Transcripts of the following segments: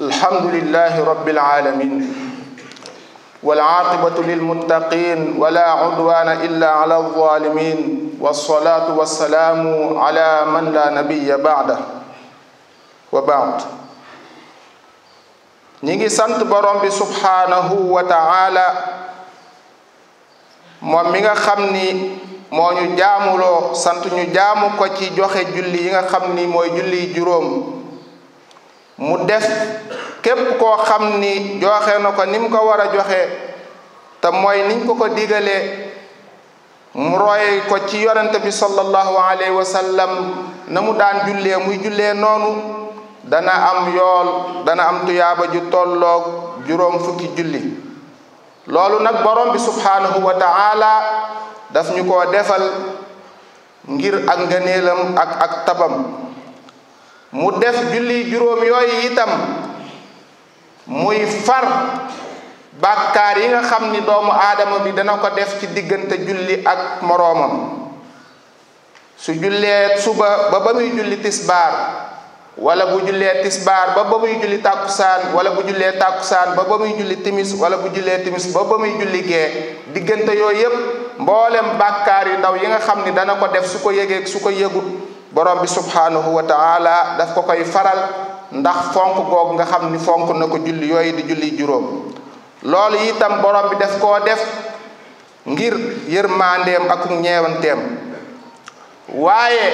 alhamdulillahi rabbil alamin والعاقبة للمتقين ولا عدوان إلا على الظالمين والصلاة والسلام على من لا نبي بعده وبعد ñi ngi sant borom bi subhaanahu wa ta'ala moom nga xam ni moo ñu jaamuloo sant ñu jaamu ko ci joxe julli yi nga xam ni mooy julli juróom mu des képp koo xam ni joxe na ko ni mu ko war a joxe tam mooy niñ ko ko digalee mu roy ko ci yorante bi sallallahu alayhi wa sallam na mu daan julle muy jullee noonu dana am yool dana am tuyaaba ju tolloog juróom fukki julli loolu nag borom bi subhaanahu wa ta'ala daf ñu ko defal ngir ak ngëneelam ak ak tabam mu def julli juróom yooyu itam muy far bàkkaar yi nga xam ni doomu aadama bi dana ko def ci diggante julli ak moroomam su jullee suba ba ba muy julli tisbaar wala bu jullee tisbaar ba ba muy julli tàkkusaan wala bu jullee tàkkusaan ba ba muy julli timis wala bu jullee timis ba ba muy julli gee diggante yooyu yépp mboolem bàkkaar yu ndaw yi nga xam ni dana ko def su ko yëgeeg su ko yëgut borom bi subhaanahu wa taala ko koy faral ndax fonk googu nga xam ni fonk na ko julli yooyu di julli juróom loolu itam borom bi daf koo def ngir yërmandeem ak ñeewanteem waaye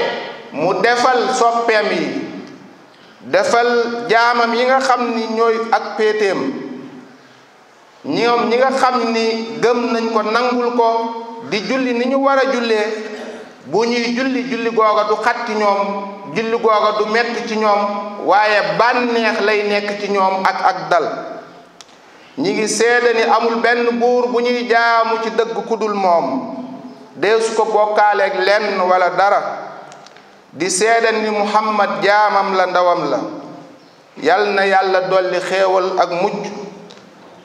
mu defal soppeem yi defal jaamam yi nga xam ni ñooy ak péeteem ñoom ñi nga xam ni gëm nañ ko nangul ko di julli ni ñu war a jullee bu ñuy julli julli googa du xat ci ñoom julli googa du mett ci ñoom waaye bànneex lay nekk ci ñoom ak ak dal ñi ngi seede ni amul benn buur bu ñuy jaamu ci dëgg dul moom deesu ko bokkaaleeg lenn wala dara di seede ni muhammad jaamam la ndawam la yal na yàlla dolli xéewal ak mujj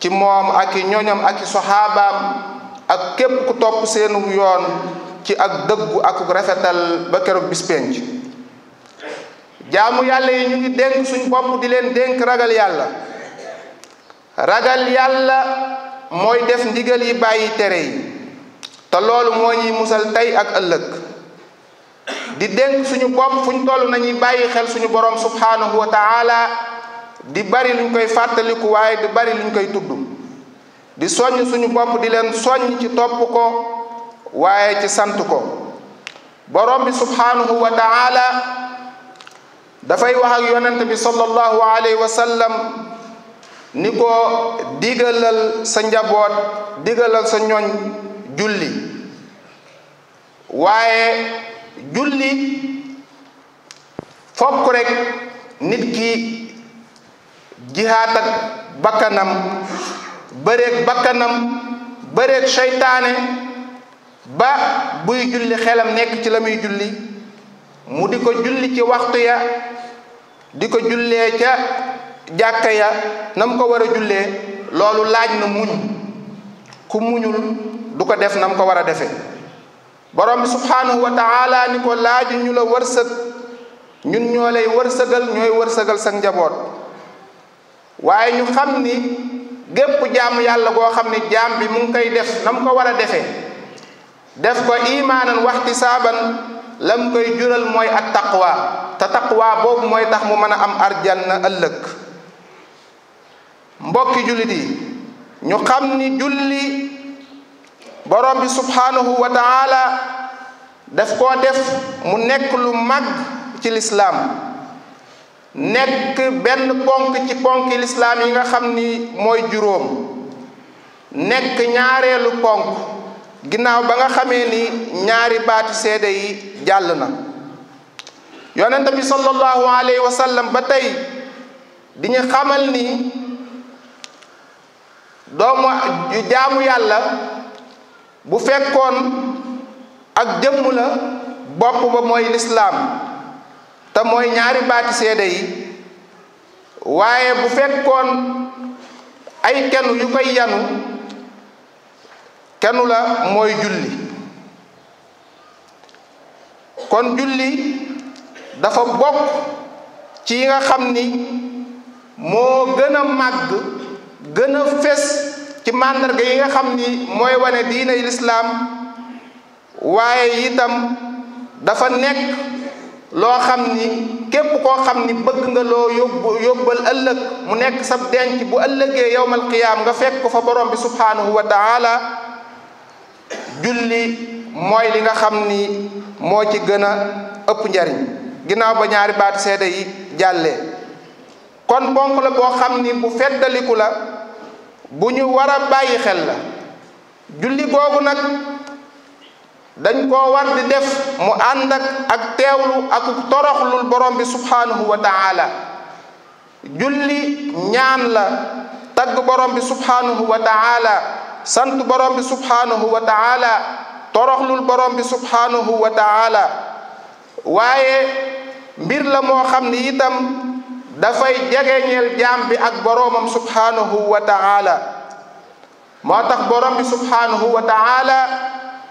ci moom ak i ñoñam ak i soxaabaam ak képp ku topp seenu yoon ci ak dëggu ak rafetal ba keroog bis penc jaamu yàlla yi ñu ngi dénk suñu bopp di leen dénk ragal yàlla ragal yàlla mooy def ndigal yi bàyyi tere yi te loolu moo ñuy musal tey ak ëllëg di dénk suñu bopp fuñ toll nañuy bàyyi xel suñu boroom subhanahu wa taala di bari luñ koy fàttaliku waaye di bari luñ koy tudd di soññ suñu bopp di leen soññ ci topp ko waaye ci sant ko borom bi subhaanahu wa taala dafay wax ak yonent bi sallallahu alayhi wa sallam ni ko digalal sa njaboot digalal sa ñooñ julli waaye julli fokk rek nit ki jihaat ak bakkanam bëreeg bakkanam bëreeg seytaane ba buy julli xelam nekk ci la muy julli mu di ko julli ci waxtu ya di ko jullee ca jàkka ya na mu ko war a jullee loolu laaj na muñ ku muñul du ko def na mu ko war a defe borom bi subhanahu wa taala ni ko laaju ñu la wërsëg ñun ñoo lay wërsëgal ñooy wërsëgal sa njaboot waaye ñu xam ni gépp jaamu yàlla goo xam ni jaam bi mu ngi koy def na mu ko war a defee def ko imaanan waxtisaaban lam koy jural mooy ak taqwa te taqwa boobu mooy tax mu mën a am arjanna ëllëg mbokki jullit yi ñu xam ni julli borom bi subhaanahu wa def ko koo def mu nekk lu mag ci lislaam nekk benn ponk ci ponki lislaam yi nga xam ni mooy juróom nekk ñaareelu ponk ginnaaw ba nga xamee ni ñaari baati seede yi jàll na yonent bi sallallahu alayhi wa sallam ba tey di ñu xamal ni doomu jaamu yàlla bu fekkoon ak jëmm la bopp ba mooy lislaam te mooy ñaari baati seede yi waaye bu fekkoon ay kenu yu koy yanu kenn la mooy julli kon julli dafa bokk ci yi nga xam ni moo gën a màgg gën a fes ci màndarga yi nga xam ni mooy wane diine lislaam waaye itam dafa nekk loo xam ni képp koo xam ni bëgg nga loo yóbbu yóbbal ëllëg mu nekk sab denc bu ëllëgee yowmal qiyaam nga fekk ko fa borom bi subhanahu wa taala julli mooy li nga xam ni moo ci gën a ëpp njariñ ginnaaw ba ñaari baat seede yi jàllee kon bonk la boo xam ni bu feddaliku la bu ñu war a bàyyi xel la julli googu nag dañ koo war di def mu ànd ak ak teewlu ak toroxlul borom bi subhanahu wa ta'ala julli ñaan la tagg borom bi subhanahu wa ta'ala sant borom bi subhaanahu wa taala lu borom bi subhaanahu wa taala waaye mbir la moo xam ni itam dafay jegeñeel jaam bi ak boroomam subhaanahu wa taala moo tax borom bi subhaanahu wa taala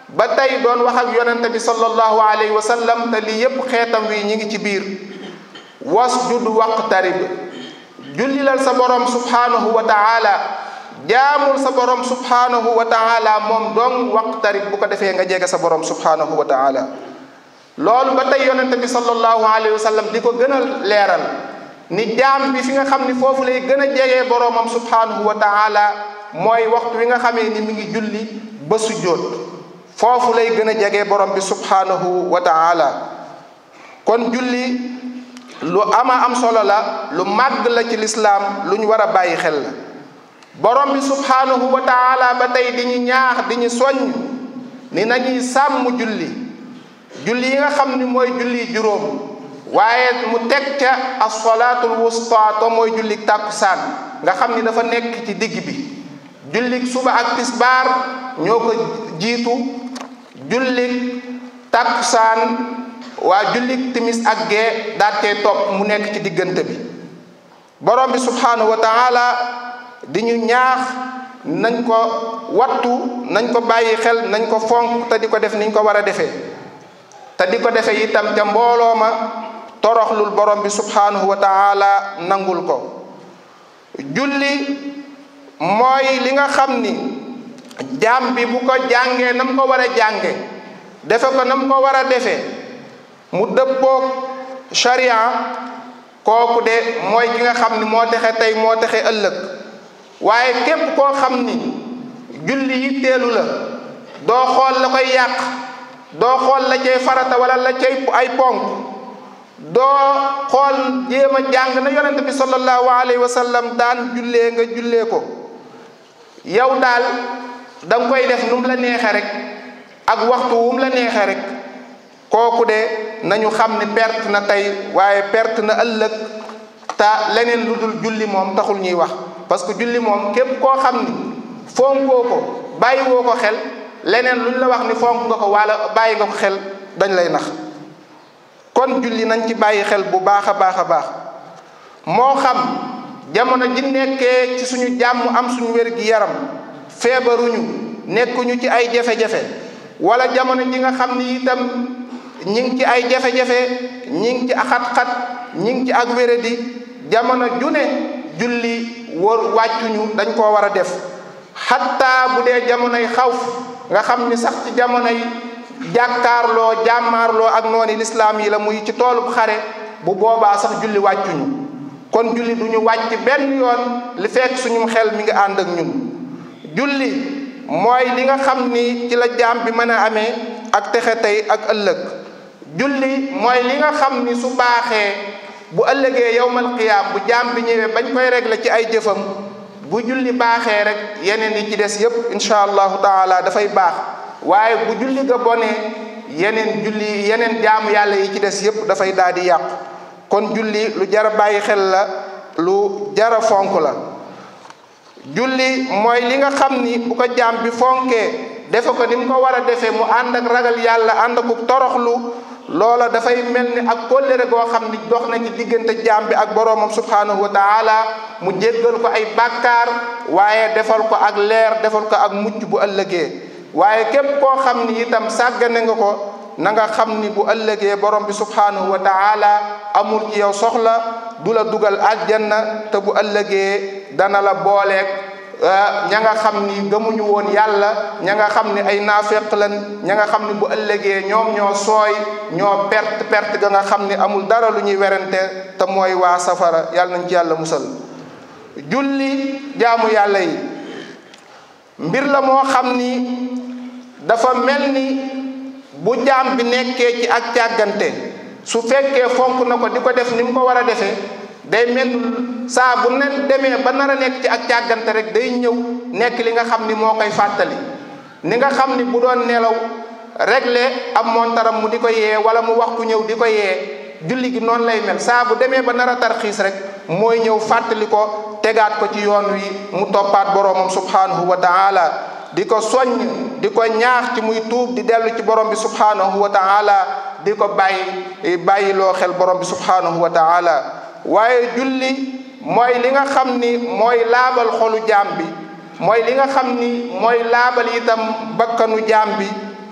ba tey doon wax ak yonente bi sallallahu alayhi wa sallam te lii yépp xeetam wi ñi ngi ci biir wasjud waqtarib jullilal sa borom subhaanahu wa taala jaamul sa borom subhanahu wa taala moom dong waqtarib bu ko defee nga jege sa borom subhanahu wa taala loolu ba tey yonente bi sallallahu alayhi wa sallam di ko gën a leeral ni jaam bi fi nga xam ni foofu lay gën a jegee boroomam subhanahu wa taala mooy waxtu wi nga xamee ni mi ngi julli ba sujjóot foofu lay gën a jege borom bi subhanahu wa taala kon julli lu ama am solo la lu màgg la ci lislaam lu ñu war a bàyyi xel la borom bi subhaanahu wa taala ba tey di ñu ñaax di ni nañuy sàmm julli julli yi nga xam ni mooy julli juróom mu teg ca assolaatul wusta to mooy julli nga xam ni dafa nekk ci digg bi jullik suba ak tisbaar ñoo ko jiitu jullik tàkkusaan waa jullik timis ak gee daal topp mu nekk ci diggante bi borom bi subhaanahu wa taala di ñu ñaax nañ ko wattu nañ ko bàyyi xel nañ ko fonk te di ko def niñ ko war a defee te di ko defe itam ca mbooloo ma toroxlul borom bi subhaanahu wa taala nangul ko julli mooy li nga xam ni jaam bi bu ko jàngee nam ko war a jànge defe ko nam ko war a defee mu dëppoog sharia kooku de mooy ki nga xam ni moo texe tey moo texe ëllëg waaye képp koo xam ni julli yi teelu la doo xool la koy yàq doo xool la cay farata wala la cay ay ponk doo xool jéem a jàng na yonent bi sallallahu alayhi wa sallam daan jullee nga jullee ko yow daal da koy def nu la neexee rek ak waxtu wu mu la neexee rek kooku de nañu xam ne perte na tey waaye perte na ëllëg te leneen lu dul julli moom taxul ñuy wax parce que julli moom képp koo xam ni fonkoo ko bàyyiwoo ko xel leneen luñ la wax ni fonk nga ko waalo bàyyi nga ko xel dañ lay nax kon julli nañ ci bàyyi xel bu baax a baax a baax moo xam jamono ji nekkee ci suñu jàmm am suñu wér yaram feebaruñu nekkuñu ci ay jafe-jafe wala jamono ji nga xam ni itam ñi ci ay jafe-jafe ñi ngi ci xat-xat ñi ci ak wéradi jamono ju ne julli war wàccuñu dañ koo war a def xatta bu dee jamonoy xaw nga xam ni sax ci jamonoy jàkkaarloo jàmmaarloo ak noonu lislaam yi la muy ci toolub xare bu boobaa sax julli wàccuñu kon julli du ñu wàcc benn yoon li fekk suñu xel mi ngi ànd ak ñun julli mooy li nga xam ni ci la jaam bi mën a amee ak texe tey ak ëllëg julli mooy li nga xam ni su baaxee bu ëllëgee yowmal qiyaam bu jaam bi ñëwee bañ koy la ci ay jëfam bu julli baaxee rek yeneen yi ci des yëpp incha allahu taala dafay baax waaye bu julli ga bonee yeneen julli yeneen jaamu yàlla yi ci des yëpp dafay daal di yàqu kon julli lu jara bàyyi xel la lu jara fonk la julli mooy li nga xam ni bu ko jaam bi fonkee defe ko ni mu ko war a defee mu ànd ak ragal yàlla ànd ak toroxlu loola dafay mel ni ak kóllëre goo xam ni dox na ci diggante jaam bi ak borom subhaanahu wa taala mu jéggal ko ay bàkkaar waaye defal ko ak leer defal ko ak mucc bu ëllëgee waaye képp koo xam ni itam sàggane nga ko na nga xam ni bu ëllëgee borom bi subhaanahu wa taala amul ci yow soxla du la dugal àjjana te bu ëllëgee dana la booleeg Ah, ña nga xam ni gëmuñu woon yàlla ña nga xam ni ay naafeq la ña nga xam ni bu ëllëgee ñoom ñoo sooy ñoo perte perte ga nga xam ni amul dara lu ñuy werante te mooy waa safara yàlla nañ ci yàlla musal julli jaamu yàlla yi mbir la moo xam ni dafa mel ni bu jaam bi nekkee ci ak jàggante su fekkee fonk na ko di ko def ni mu ko war a defe day mel saa bu ne demee ba nar a nekk ci ak càggante rek day ñëw nekk li nga xam ni moo koy fàttali ni nga xam ni bu doon nelaw am ab montaram mu di ko yee wala mu waxtu ñëw di ko yee julli gi noonu lay mel saa demee ba nar a tarxiis rek mooy ñëw fàttali ko tegaat ko ci yoon wi mu toppaat boroomam subhanahu wa ta'ala di ko soññ di ko ñaax ci muy tuub di dellu ci borom bi subhanahu wa ta'ala di ko bàyyi bàyyiloo xel borom bi subhanahu wa ta'ala waaye julli mooy li nga xam ni mooy laabal xolu jaam bi mooy li nga xam ni mooy laabal itam bakkanu jaam bi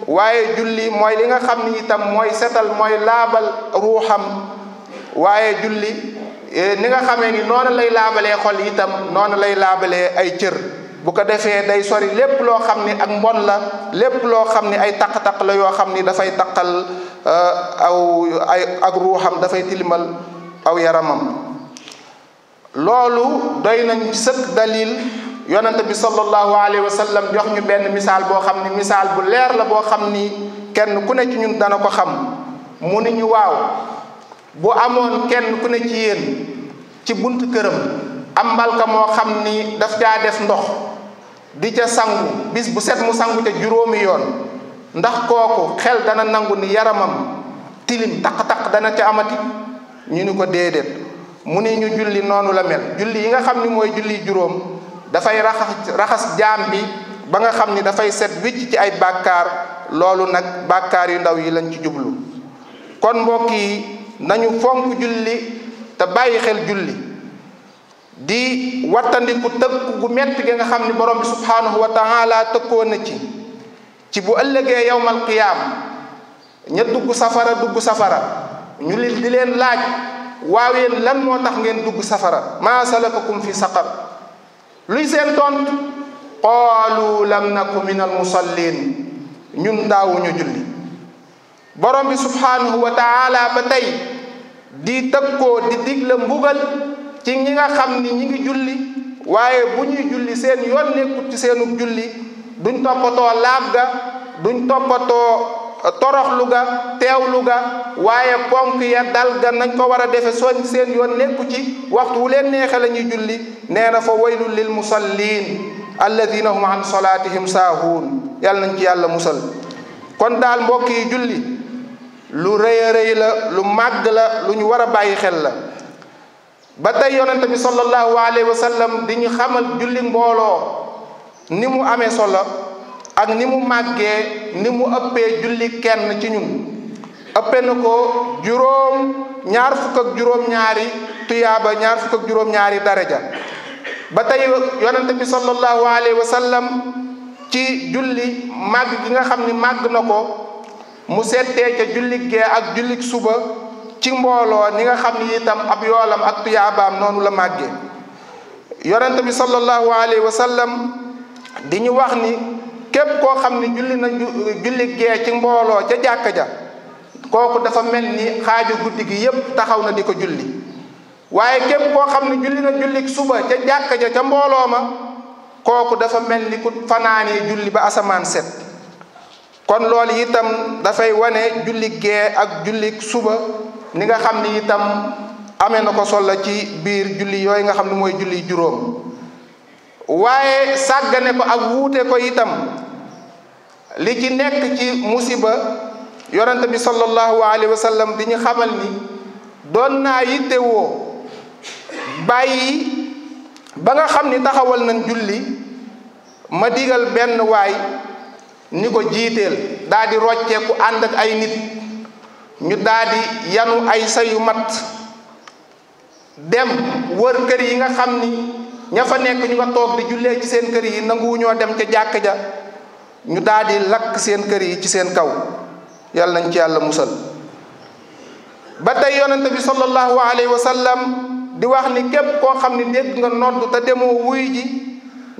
waaye julli mooy li nga xam ni itam mooy setal mooy laabal ruuxam waaye julli e, ni nga xamee ni noonu lay laabalee xol itam noonu lay laabalee ay cër bu ko defee day sori lépp loo xam ni ak mbon la lépp loo xam ni ay taq-taq la yoo xam ni dafay taqal e, aw ay ak ruuxam dafay tilimal aw yaramam loolu doy nañ sëkk dalil yonent bi sallallahu alayhi wa sallam jox ñu benn misaal boo xam ni misaal bu leer la boo xam ni kenn ku ne ci ñun dana ko xam mu ni ñu waaw bu amoon kenn ku ne ci yéen ci bunt këram am mbalka moo xam ni daf caa def ndox di ca sangu bis bu set mu sangu ca juróomi yoon ndax kooku xel dana nangu ni yaramam tilim taq-taq dana ca amati ñu ni ko déedéet mu ne ñu julli noonu la mel julli yi nga xam ni mooy julli juróom dafay raxas raxas jaam bi ba nga xam ni dafay set wicc ci ay bàkkaar loolu nag bàkkaar yu ndaw yi lañ ci jublu kon mbokk yi nañu fonk julli te bàyyi xel julli di wattandiku tëkk gu metti gi nga xam ni borom bi subhaanahu wa laa tëkkoo na ci ci bu ëllëgee yowmal qiyaam ña dugg safara dugg safara ñu leen di leen laaj waaw lan moo tax ngeen dugg safara maa fi saqar luy seen tont qaalu lam naku min al musallin ñun daawuñu julli borom bi subhanahu wa ba tey di tëkkoo di digle mbugal ci ñi nga xam ni ñi ngi julli waaye bu ñuy julli seen yoon nekkut ci seenub julli duñ toppatoo laab ga duñ toppatoo toroxlu ga teewlu ga waaye ponk ya dal ga nañ ko war a defe soo seen yoon nekku ci waxtu wu leen neexe la ñuy julli nee na fa waylul lil musallin alladina hum an salaatihim saahuun yàlla nañ ci yàlla musal kon daal mbokk yi julli lu rëy la lu màgg la lu ñu war a bàyyi xel la ba tey yonente bi sallallahu alayhi wa sallam di ñu xamal julli mbooloo ni mu amee solo ak ni mu màggee ni mu ëppee julli kenn ci ñun ëppee na ko juróom ñaar fukk ak juróom-ñaari tuyaaba ñaar fukk ak juróom-ñaari daraja ba tey yonente bi sallallahu alayhi wa ci julli màgg gi nga xam ni màgg na ko mu settee ca jullig gee ak jullig suba ci mbooloo ni nga xam ni itam ab yoolam ak tuyaabaam noonu la màggee yonente bi sallallahu alayhi wa di ñu wax ni képp koo xam ne julli na julli gee ci mbooloo ca jàkka ja kooku dafa mel ni xaaju guddi gi yépp taxaw na di ko julli waaye képp koo xam ne julli na julli suba jàkka ja ca mbooloo ma kooku dafa mel ni ku fanaanee julli ba asamaan set kon loolu itam dafay wane julli gee ak julli suba ni nga xam ni itam amee na ko solla ci biir julli yooyu nga xam ne mooy julli juróom waaye sàggane ko ak wuute ko itam li ci nekk ci musiba yonent bi sallallahu alayhi wa sallam di ñu xamal ni doon naa yittewoo bàyyi ba nga xam ni taxawal nañ julli ma digal benn waay ni ko jiiteel daldi di rocceeku ànd ak ay nit ñu daa di yanu ay sayu mat dem wër kër yi nga xam ni ña fa nekk ñu nga toog li jullee ci seen kër yi nanguwu ñoo dem ca jàkk ja ñu daal lakk seen kër yi ci seen kaw yàlla nañ ci yàlla musal ba tey yonente bi sallallahu alayhi wa sallam di wax ni képp koo xam ni dégg nga nodd te demoo wuy ji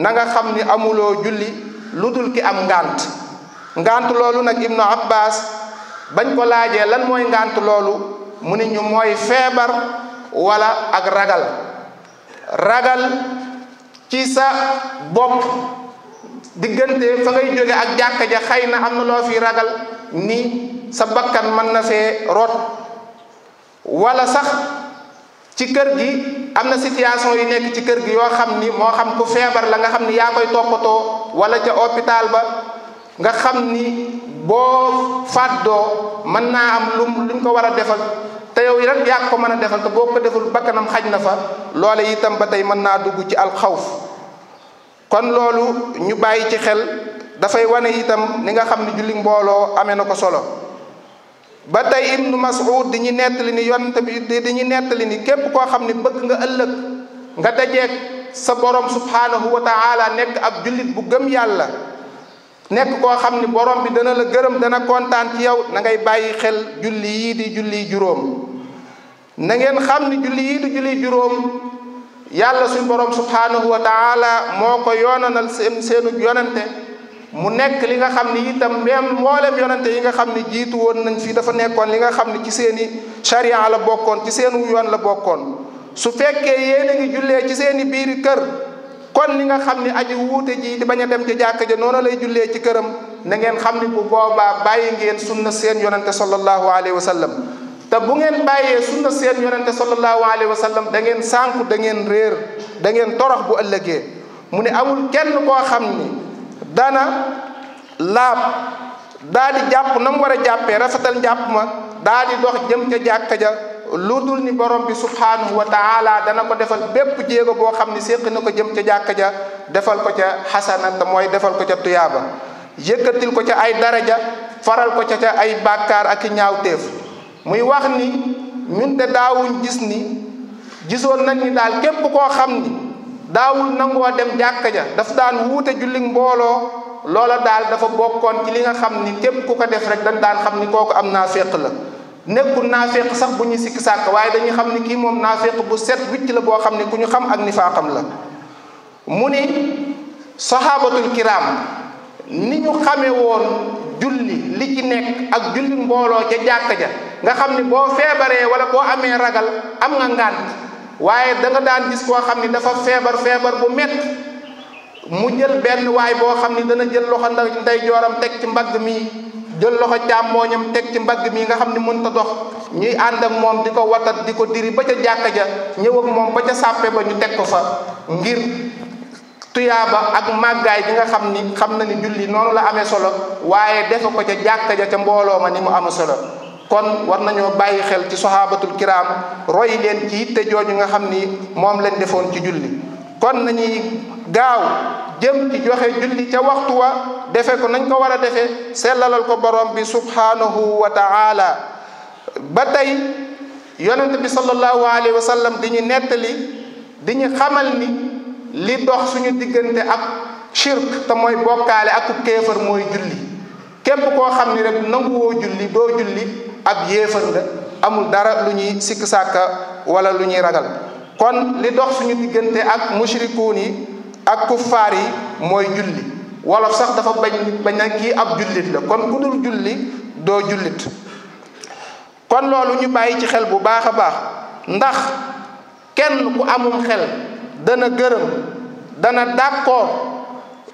nanga xam ni amuloo julli lu dul ki am ngant ngànt loolu nag ibnu abbas bañ ko laajee lan mooy ngànt loolu mu ne ñu mooy feebar wala ak ragal ragal ci sa bopp diggante fa ngay jóge ak jàkka ja xëy na am na loo fi ragal ni sa bakkan mën na fee root wala sax ci kër gi am na situation yu nekk ci kër gi yoo xam ni moo xam ku feebar la nga xam ni yaa koy toppatoo wala ca hôpital ba nga xam ni boo fàddoo mën naa am lu luñ ko war a defal te yow rek yaa ko mën a defal te boo ko deful bakkanam xaj na fa loole itam ba tey mën naa dugg ci alxawf kon loolu ñu bàyyi ci xel dafay wane itam ni nga xam ne julli mbooloo amee na ko solo ba tey nu mas'ud di ñu nettali ni yonent bi di ñu nettali ni képp koo xam ne bëgg nga ëllëg nga dajeeg sa borom subhaanahu wa taala nekk ab jullit bu gëm yàlla nekk koo xam ni borom bi dana la gërëm dana kontaan ci yow na ngay bàyyi xel julli yii di julli juróom na xam ni julli yii di julli juróom yàlla suñ borom subhaanahu wa taala moo ko yoonanal seen yonante mu nekk li nga xam ni itam même mboolem yonente yi nga xam ni jiitu woon nañ fii dafa nekkoon li nga xam ni ci seeni charia la bokkoon ci seenu yoon la bokkoon su fekkee yéen ngi jullee ci seeni biiri kër kon li nga xam ni aji wuute ji di bañ a dem ci jàkka ja noonu lay jullee ci këram na ngeen xam ni bu boobaa bàyyi ngeen sunna seen yonente sallallahu alayhi wa sallam te bu ngeen bàyyee sunna seen yonente sallallahu wa sallam da ngeen sànku da ngeen réer da ngeen bu ëllëgee mu ne amul kenn koo xam ni dana laab daa jàpp na mu war a jàppee rafetal njàpp ma daa dox jëm ca jàkka ja dul ni borom bi subhanahu wa taala dana ko defal bépp jéego boo xam ni séq na ko jëm ca jàkka ja defal ko ca xasana te mooy defal ko ca tuyaaba yëkkatil ko ca ay daraja faral ko ca ca ay bàkkaar ak i ñaawteef muy wax ni ñun de daawuñ gis ni gisoon nañ ni daal képp koo xam ni daawul nangoo dem jàkka ja dafa daan wuute julli mbooloo loola daal dafa bokkoon ci li nga xam ni képp ku ko def rek dañ daan xam ni kooku am naaféq la nekkul naaféq sax bu ñu sikki sàkk waaye dañuy xam ni kii moom naaféq bu set wicc la boo xam ni ku ñu xam ak ni nifaaqam la mu ni saxaabatul kiraam ni ñu xamee woon julli li ci nekk ak julli mbooloo ca jàkka ja nga xam ni boo feebaree wala boo amee ragal am nga ngànt waaye da daan gis koo xam ni dafa feebar feebar bu mett mu jël benn waay boo xam ni dana jël loxo nday jooram teg ci mbagg mi jël loxo càmmooñam teg ci mbagg mi nga xam ni mënut a dox ñuy ànd ak moom di ko watat di ko diri ba ca jàkka ja ñëw moom ba ca sàppe ba ñu teg ko fa ngir tuyaaba ak màggaay bi nga xam ni xam na ni julli noonu la amee solo waaye defe ko ca jàkka ja ca mbooloo ma ni mu am a solo kon war nañoo bàyyi xel ci soxaabatul kiraam roy leen ci yitte jooju nga xam ni moom lañ defoon ci julli kon nañuy gaaw jëm ci joxe julli ca waxtu wa defe ko nañ ko war a defe sellalal ko borom bi subhanahu wa ta'ala ba tey yonent bi sallallahu alayhi wa sallam di ñu nettali di ñu xamal ni li dox suñu diggante ak shirk te mooy bokkaale ak kéefar mooy julli képp koo xam ni rek nanguwoo julli doo julli ak yéefar nga amul dara lu ñuy sikk sàkka wala lu ñuy ragal kon li dox suñu diggante ak mushrikuun yi ak kuffaar yi mooy julli wolof sax dafa bañ bañ na kii ab jullit la kon ku dul doo jullit kon loolu ñu bàyyi ci xel bu baax a baax ndax kenn ku amum xel dana gërëm dana d'accord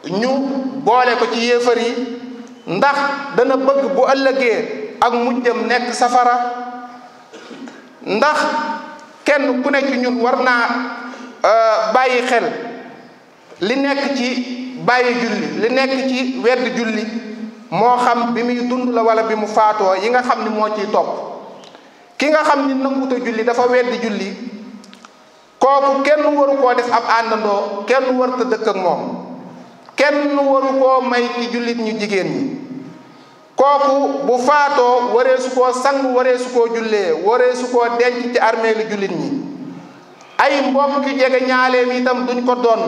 ñu boole ko ci yéefar yi ndax dana bëgg bu ëllëgee ak mujjam nekk safara ndax kenn ku nekk ñun war naa euh, bàyyi xel li nekk ci bàyyi julli li nekk ci wedd julli moo xam bi muy tund la wala bi mu faatoo yi nga xam ni moo ciy topp ki nga xam ni nanguta julli dafa weddi julli kooku kenn waru koo def ab àndandoo kenn warta dëkk ak moom kenn waru koo may ci jullit ñu jigéen ñi kooku bu faatoo waree su koo sang waree su koo jullee waree koo denc ci armeelu jullit ñi ay mbokk jege ñaaleem itam duñ ko doon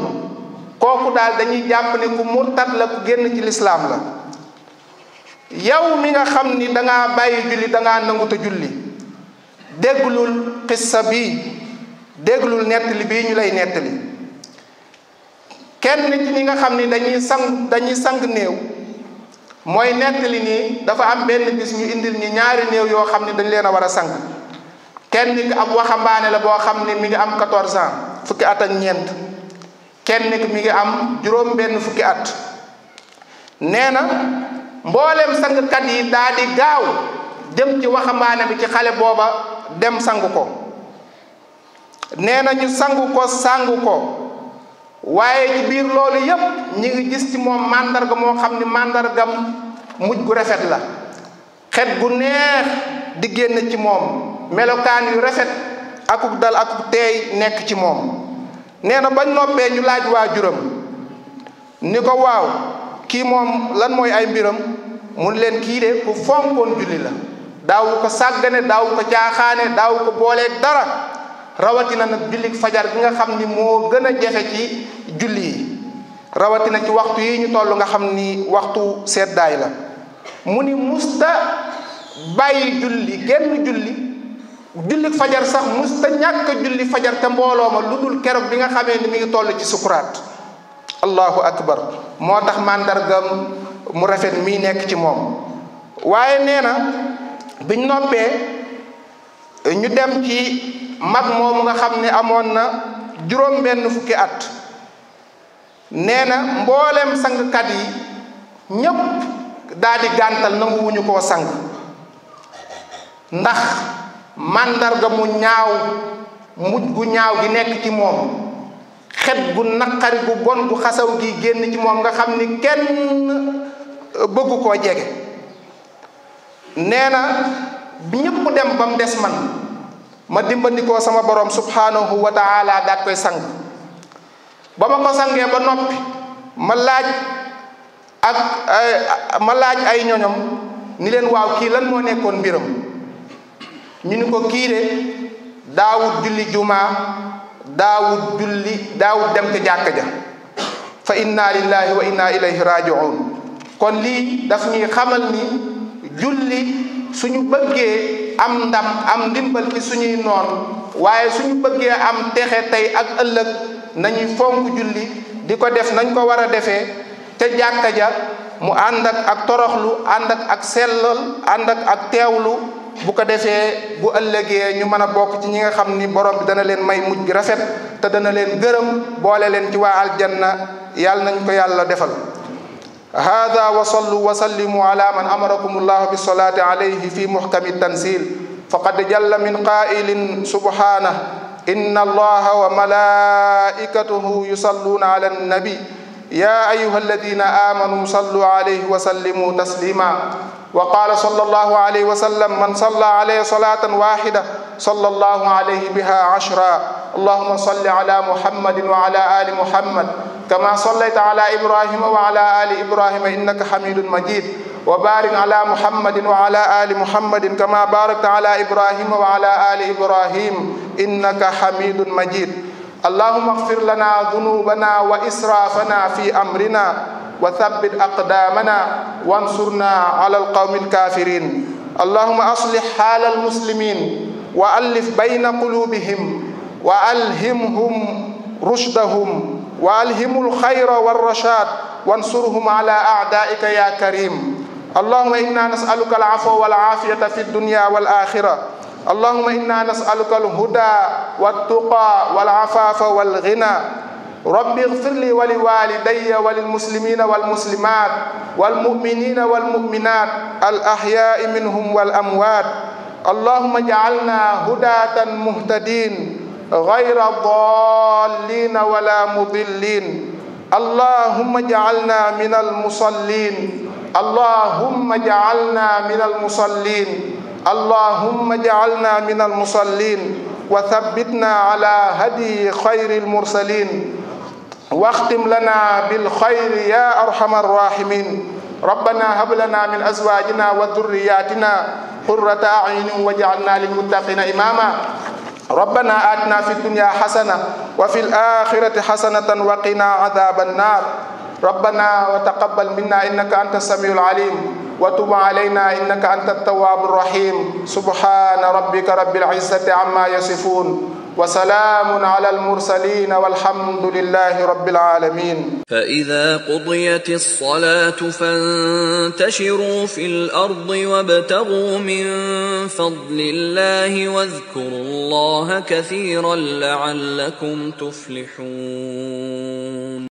kooku daal dañuy jàpp ne ku murtat la ku génn ci lislaam la yow mi nga xam ni dangaa bàyyi julli dangaa nanguta julli déglul xissa bi déglul nettali bii ñu lay nettali kenn ci ñi nga xam ni dañuy sang dañuy sang néew mooy nettali nii dafa am benn bis ñu indil ñi ñaari néew yoo xam ne dañ leen a war a sang kenn ki ab waxambaane la boo xam ne mi ngi am 14 ans fukki at ak ñeent kenn ki mi ngi am juróom benn fukki at nee na mboolem sangkat yi daal di gaaw dem ci waxambaane bi ci xale booba dem sangu ko nee na ñu sang ko sangu ko waaye ci biir loolu yépp ñi ngi gis ci moom màndarga moo xam ni màndargam mujj gu rafet la xet gu neex di génn ci moom melokaan yu rafet akuk dal akuk teey nekk ci moom nee na ba noppee ñu laaj waajuram ni ko waaw kii moom lan mooy ay mbiram mun leen kii de ku fonkoon julli la daawu ko sàggane daawu ko jaaxaane daawu ko booleeg dara rawatina nag jullik fajar gi nga xam ni moo gën a jafe ci julli yi rawatina ci waxtu yi ñu toll nga xam ni waxtu seddaay la mu ni musta bàyyi julli genn julli jullik fajar sax musta ñàkk julli fajar te mbooloo ma lu dul keroog bi nga xamee ni mi ngi toll ci sukuraat allahu akbar moo tax màndargam mu rafet mii nekk ci moom waaye nee na biñ noppee ñu dem ci mag moomu nga xam ne amoon na juróom benn fukki at nee na mboolem sangkat yi ñépp daal di gàntal nanguwuñu koo sang ndax màndarga mu ñaaw mujj gu ñaaw gi nekk ci moom xet gu naqari gu bon gu xasaw gi génn ci moom nga xam ni kenn euh, bëggu koo jege nee na ñépp dem ba mu des man ma dimbandikoo sama borom subhanahu wa taala daat koy sang ba ma ko sangee ba noppi ma laaj ak ay ñoñom ni leen waaw kii lan moo nekkoon mbiram ñu ni ko kii de daawut julli jumaa daawut julli daawut dem te jàkk ja fa inna lillahi wa inna ilayhi rajiun kon lii daf ñuy xamal ni julli suñu bëggee am ndam am ndimbal ci suñuy noon waaye suñu bëggee am texe tey ak ëllëg nañuy fonk julli di ko def nañ ko war a defee ca jàkka ja mu ànd ak toroxlu ànd ak ak sellal ànd ak teewlu bu ko defee bu ëllëgee ñu mën a bokk ci ñi nga xam ni borom bi dana leen may mujj gi rafet te dana leen gërëm boole leen ci waa aljanna yàlla nañu ko yàlla defal hada wa sallu wa sallimu ala man amarakum allahu bisolaati alayhi fi muhkami tanzil faqad jalla min qailin subhanah inna allaha wa malaikatahu yusalluna ala annabi ya ayuha alladina amanu sallu alayhi wa sallimu taslima wa qaala sallallahu alayhi wa sallam man salla alayya salaatan waahida sallallahu alayhi biha ashra allahumma salli ala muhammadin wa ala ali muhammad kama sallayta ala ibrahima wa ala ali ibrahima innaka hamidun majid wa baarik ala muhammadin wa ala ali muhammadin kama baarakta ala ibrahima wa ala ali ibrahim innaka hamidun majid allahumma ighfir lana dhunubana wa israfana fi amrina wa thabbit aqdamana wansurna ala alqawmi alkafirin allahuma aslih haala almuslimin wa allif bayna qulubihim wa alhimhum rushdahum wa alhimu alkhayra walrashad wansurhum ala a'daika ya karim allahuma inna nasaluka alafwa walafiyata fi dunya walakhira allahuma inna nasaluka alhuda waltuqa walafafa walghina rabbi ighfir li wa li walidayya wa lil muslimina wal muslimat wal mu'minina wal mu'minat al ahya'i minhum wal amwat allahumma ja'alna hudatan muhtadin ghayra dallin wala mudillin allahumma ja'alna min al musallin allahumma ja'alna min al musallin allahumma ja'alna min al musallin wa thabbitna ala hadi khayri al mursalin واختم لنا بالخير يا أرحم الراحمين ربنا هب لنا من أزواجنا وذرياتنا قرة أعين واجعلنا للمتقين إماما ربنا آتنا في الدنيا حسنة وفي الآخرة حسنة وقنا عذاب النار ربنا وتقبل منا إنك أنت السميع العليم وتب علينا إنك أنت التواب الرحيم سبحان ربك رب العزة عما يصفون وسلام على المرسلين والحمد لله رب العالمين فإذا قضيت الصلاة فانتشروا في الأرض وابتغوا من فضل الله واذكروا الله كثيرا لعلكم تفلحون